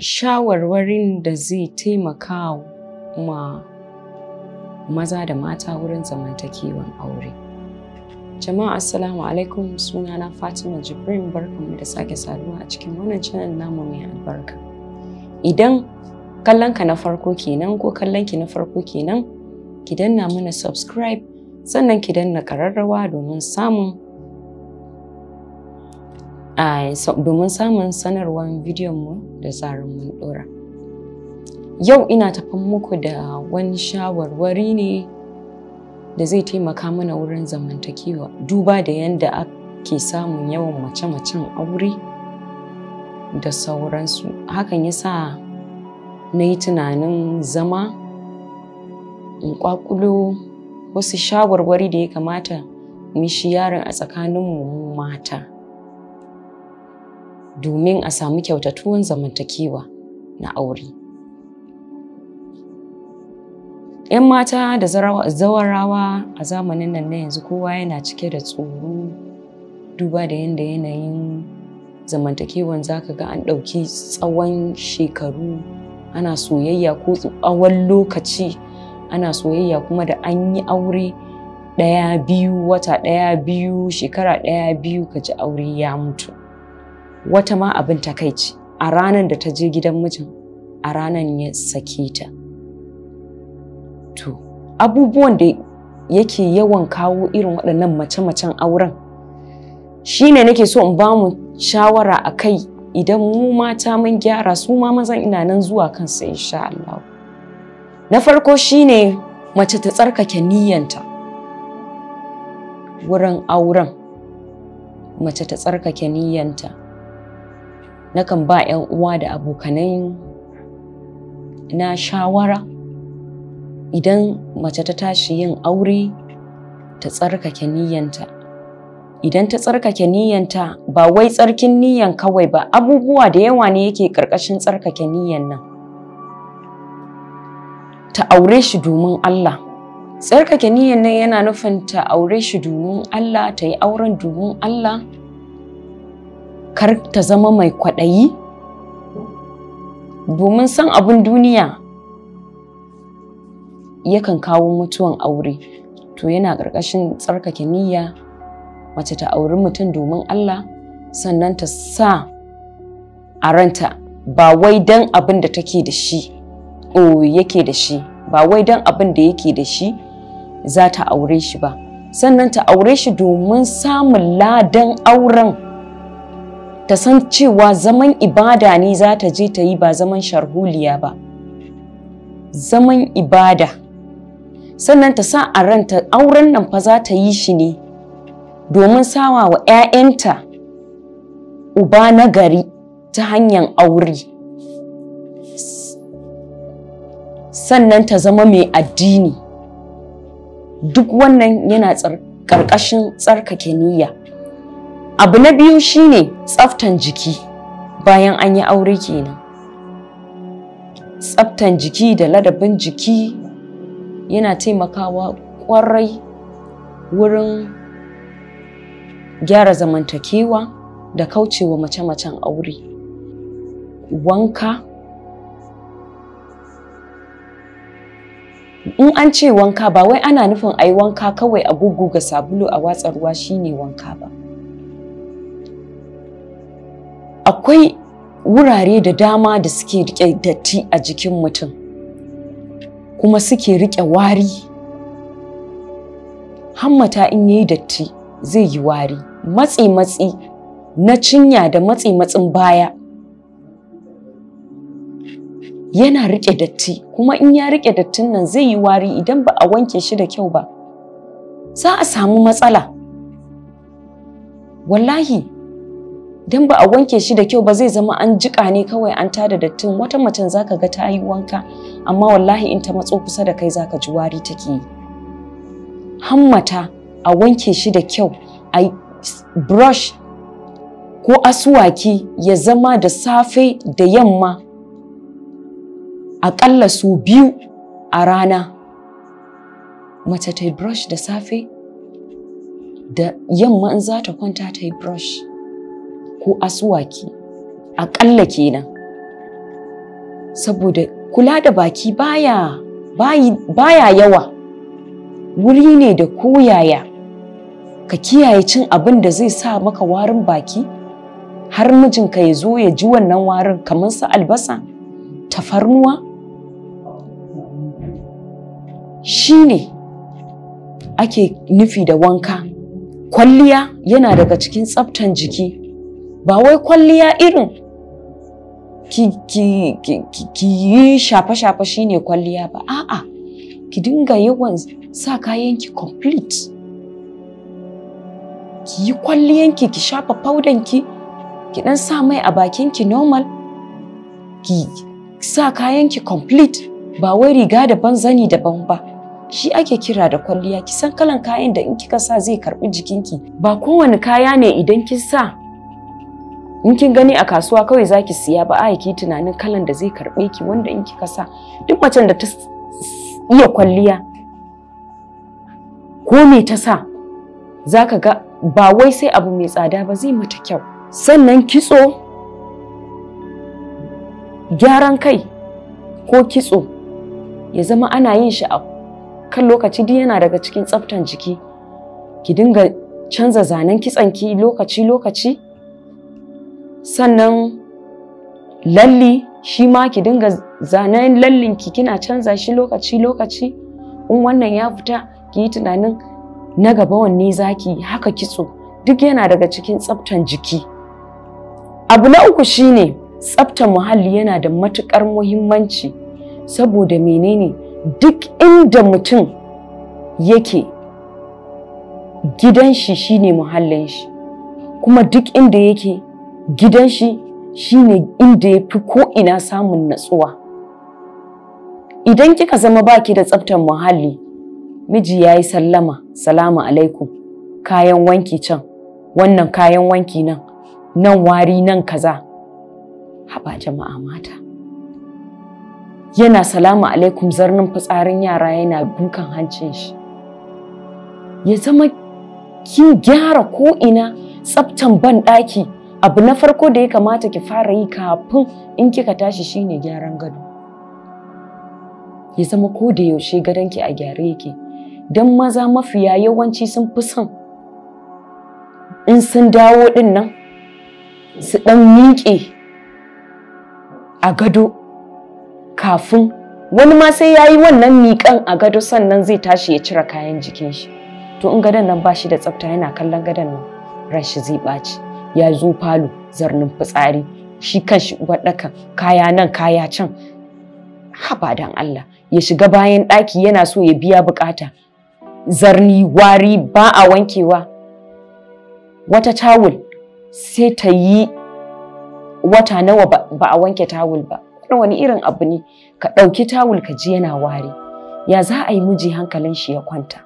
shawarwarin da zai taimaka ma maza da mata wurin zamantakewan aure. Jama'a Assalamu alaikum Suna na Fatima Jibrin barkanmu da sake saduwa a cikin wannan channel namu mai albarka. Idan kallonka na farko kenan ko kallonki na farko kenan ki danna mana subscribe sannan ki danna kararrawa domin samun domin samun sanarwar bidiyon mu da tsarin mun dora. Yau ina tafan muku da wani shawarwari ne da zai taimaka mana wurin zamantakewa duba da yadda ake samun yawan mace-macen aure da sauransu. Hakan ya sa na yi tunanin zama in ƙwaƙulo wasu shawarwari da ya kamata mu yaron a tsakaninmu mata. domin a samu kyautatuwan zamantakewa na aure. 'Yan mata da zawarawa a zamanin nan na yanzu kowa yana cike da tsoro duba da yadda yanayin zamantakewan zaka ga an ɗauki tsawon shekaru ana soyayya ko tsawon lokaci ana soyayya kuma da an yi aure ɗaya biyu wata ɗaya biyu shekara ɗaya biyu ka ji aure ya mutu. wata ma abin takaici a ranan da ta je gidan mijin a ranan ya sake ta to abubuwan da yake yawan kawo irin waɗannan mace-macen auren shine nake so in ba mu shawara a kai idan mu mata mun gyara su ma mazan ina nan zuwa kansa insha Allah na farko shi ne mace ta tsarkake niyyanta wurin auren mace ta tsarkake niyyanta nakan ba 'yan uwa da abokanai na shawara idan mace ta tashi yin aure ta tsarkake niyyanta idan ta tsarkake niyyanta ba wai tsarkin niyyan kawai ba abubuwa da yawa ne yake ƙarƙashin tsarkake niyyan nan ta aure shi domin Allah tsarkake niyyan nan yana nufin ta aure shi domin Allah ta yi auren domin Allah kar ta zama mai kwaɗayi domin san abin duniya yakan kawo mutuwan aure to yana ƙarƙashin tsarkake niyya mace ta auri mutum domin Allah sannan ta sa a ranta ba wai don abin da take da shi yake da shi ba wai don abin da yake da shi za ta aure shi ba sannan ta aure shi domin samun ladan auren. ta san cewa zaman ibada ne za ta je ta yi ba zaman sharhuliya ba zaman ibada sannan ta sa a ranta auren nan fa za ta yi shi ne domin sawa wa 'ya'yanta uba na gari ta hanyar aure sannan ta zama mai addini duk wannan yana ƙarƙashin tsarkake niyya abu na biyu shine tsaftan jiki bayan an yi aure kenan tsaftan jiki da ladabin jiki yana taimakawa kwarai wurin gyara zamantakewa da kaucewa mace-macen aure wanka in an ce wanka ba wai ana nufin ai wanka kawai a gugu ga sabulu a watsa ruwa shine wanka ba akwai wurare da dama da suke rike datti a jikin mutum kuma suke rike wari hammata in yayi datti zai yi wari matsi-matsi na cinya da matsi-matsin baya yana rike datti kuma in ya rike dattin nan zai yi wari idan ba a wanke shi da kyau ba za a samu matsala wallahi don ba a wanke shi da kyau ba zai zama an jiƙa ne kawai an tada dattin wata macen zaka ga ta yi wanka amma wallahi in ta matso kusa da kai zaka ji wari take yi hammata a wanke shi da kyau a brush ko asuwaki ya zama da safe da yamma aƙalla su biyu a rana mace ta brush da safe da yamma in za ta kwanta ta yi brush ko asuwaki a ƙalla kenan saboda kula da baki baya baya yawa wuri ne da koyaya ka kiyaye cin abin da zai sa maka warin baki har mijinka ya zo ya ji wannan warin kamar su albasa tafarnuwa shi ne ake nufi da wanka kwalliya yana daga cikin tsaftan jiki ba wai kwalliya irin ki ki yi shafa shafa shine kwalliya ba a'a ki dinga yawan sa kayan ki complete ki yi kwalliyan ki shafa faudanki ki dan sa mai a bakinki ki normal ki sa kayanki ki complete ba wai riga daban zani daban ba shi ake kira da kwalliya ki san kalan kayan da in kika sa zai karbi jikinki ba kowane kaya ne idan kin sa in kin gani a kasuwa kawai zaki siya ba ai ki tunanin kalan da zai karbe ki wanda in kika sa duk macen da ta iya kwalliya ko me ta sa zaka ga ba wai sai abu mai tsada ba zai mata kyau sannan kitso gyaran kai ko kitso ya zama ana yin shi a kan lokaci duk yana daga cikin tsaftan jiki ki dinga canza zanen kitsanki lokaci-lokaci sannan lalli shi ma ki dinga zanen lallin ki kina canza shi lokaci lokaci in wannan ya fita ki yi tunanin na gaba wanne zaki haka kitso duk yana daga cikin tsaftan jiki abu na uku shine tsaftan muhalli yana da matukar muhimmanci saboda menene duk inda mutum yake gidan shi shine muhallin shi kuma duk inda yake gidan shi shine inda ya fi ko'ina samun natsuwa idan kika zama baki da tsaftar muhalli miji ya yi sallama salamu alaikum kayan wanki can wannan kayan wanki nan nan wari nan kaza haba jama'a mata yana salamu alaikum zarnin fitsarin yara yana dukan hancin shi ya zama ki gyara ko'ina tsaftan ban ɗaki abu na farko da ya kamata ki fara yi kafin in kika tashi shine gyaran gado ya zama ko da yaushe gadonki a gyare yake don maza mafiya yawanci sun fi son in sun dawo din nan su ɗan miƙe a gado kafin wani ma sai ya yi wannan miƙan a gado sannan zai tashi ya cire kayan jikin shi to in gadon nan ba shi da tsafta yana kallon gadon nan ran shi zai ɓaci ya zo falo zarnin fitsari shi kanshi waɗaka kaya nan kaya can haba dan Allah ya shiga bayan ɗaki yana so ya biya bukata zarni wari ba a wankewa wata tawul sai ta yi wata nawa ba a wanke tawul ba wani irin abu ne ka ɗauki tawul ka ji yana wari ya za a yi miji hankalin shi ya kwanta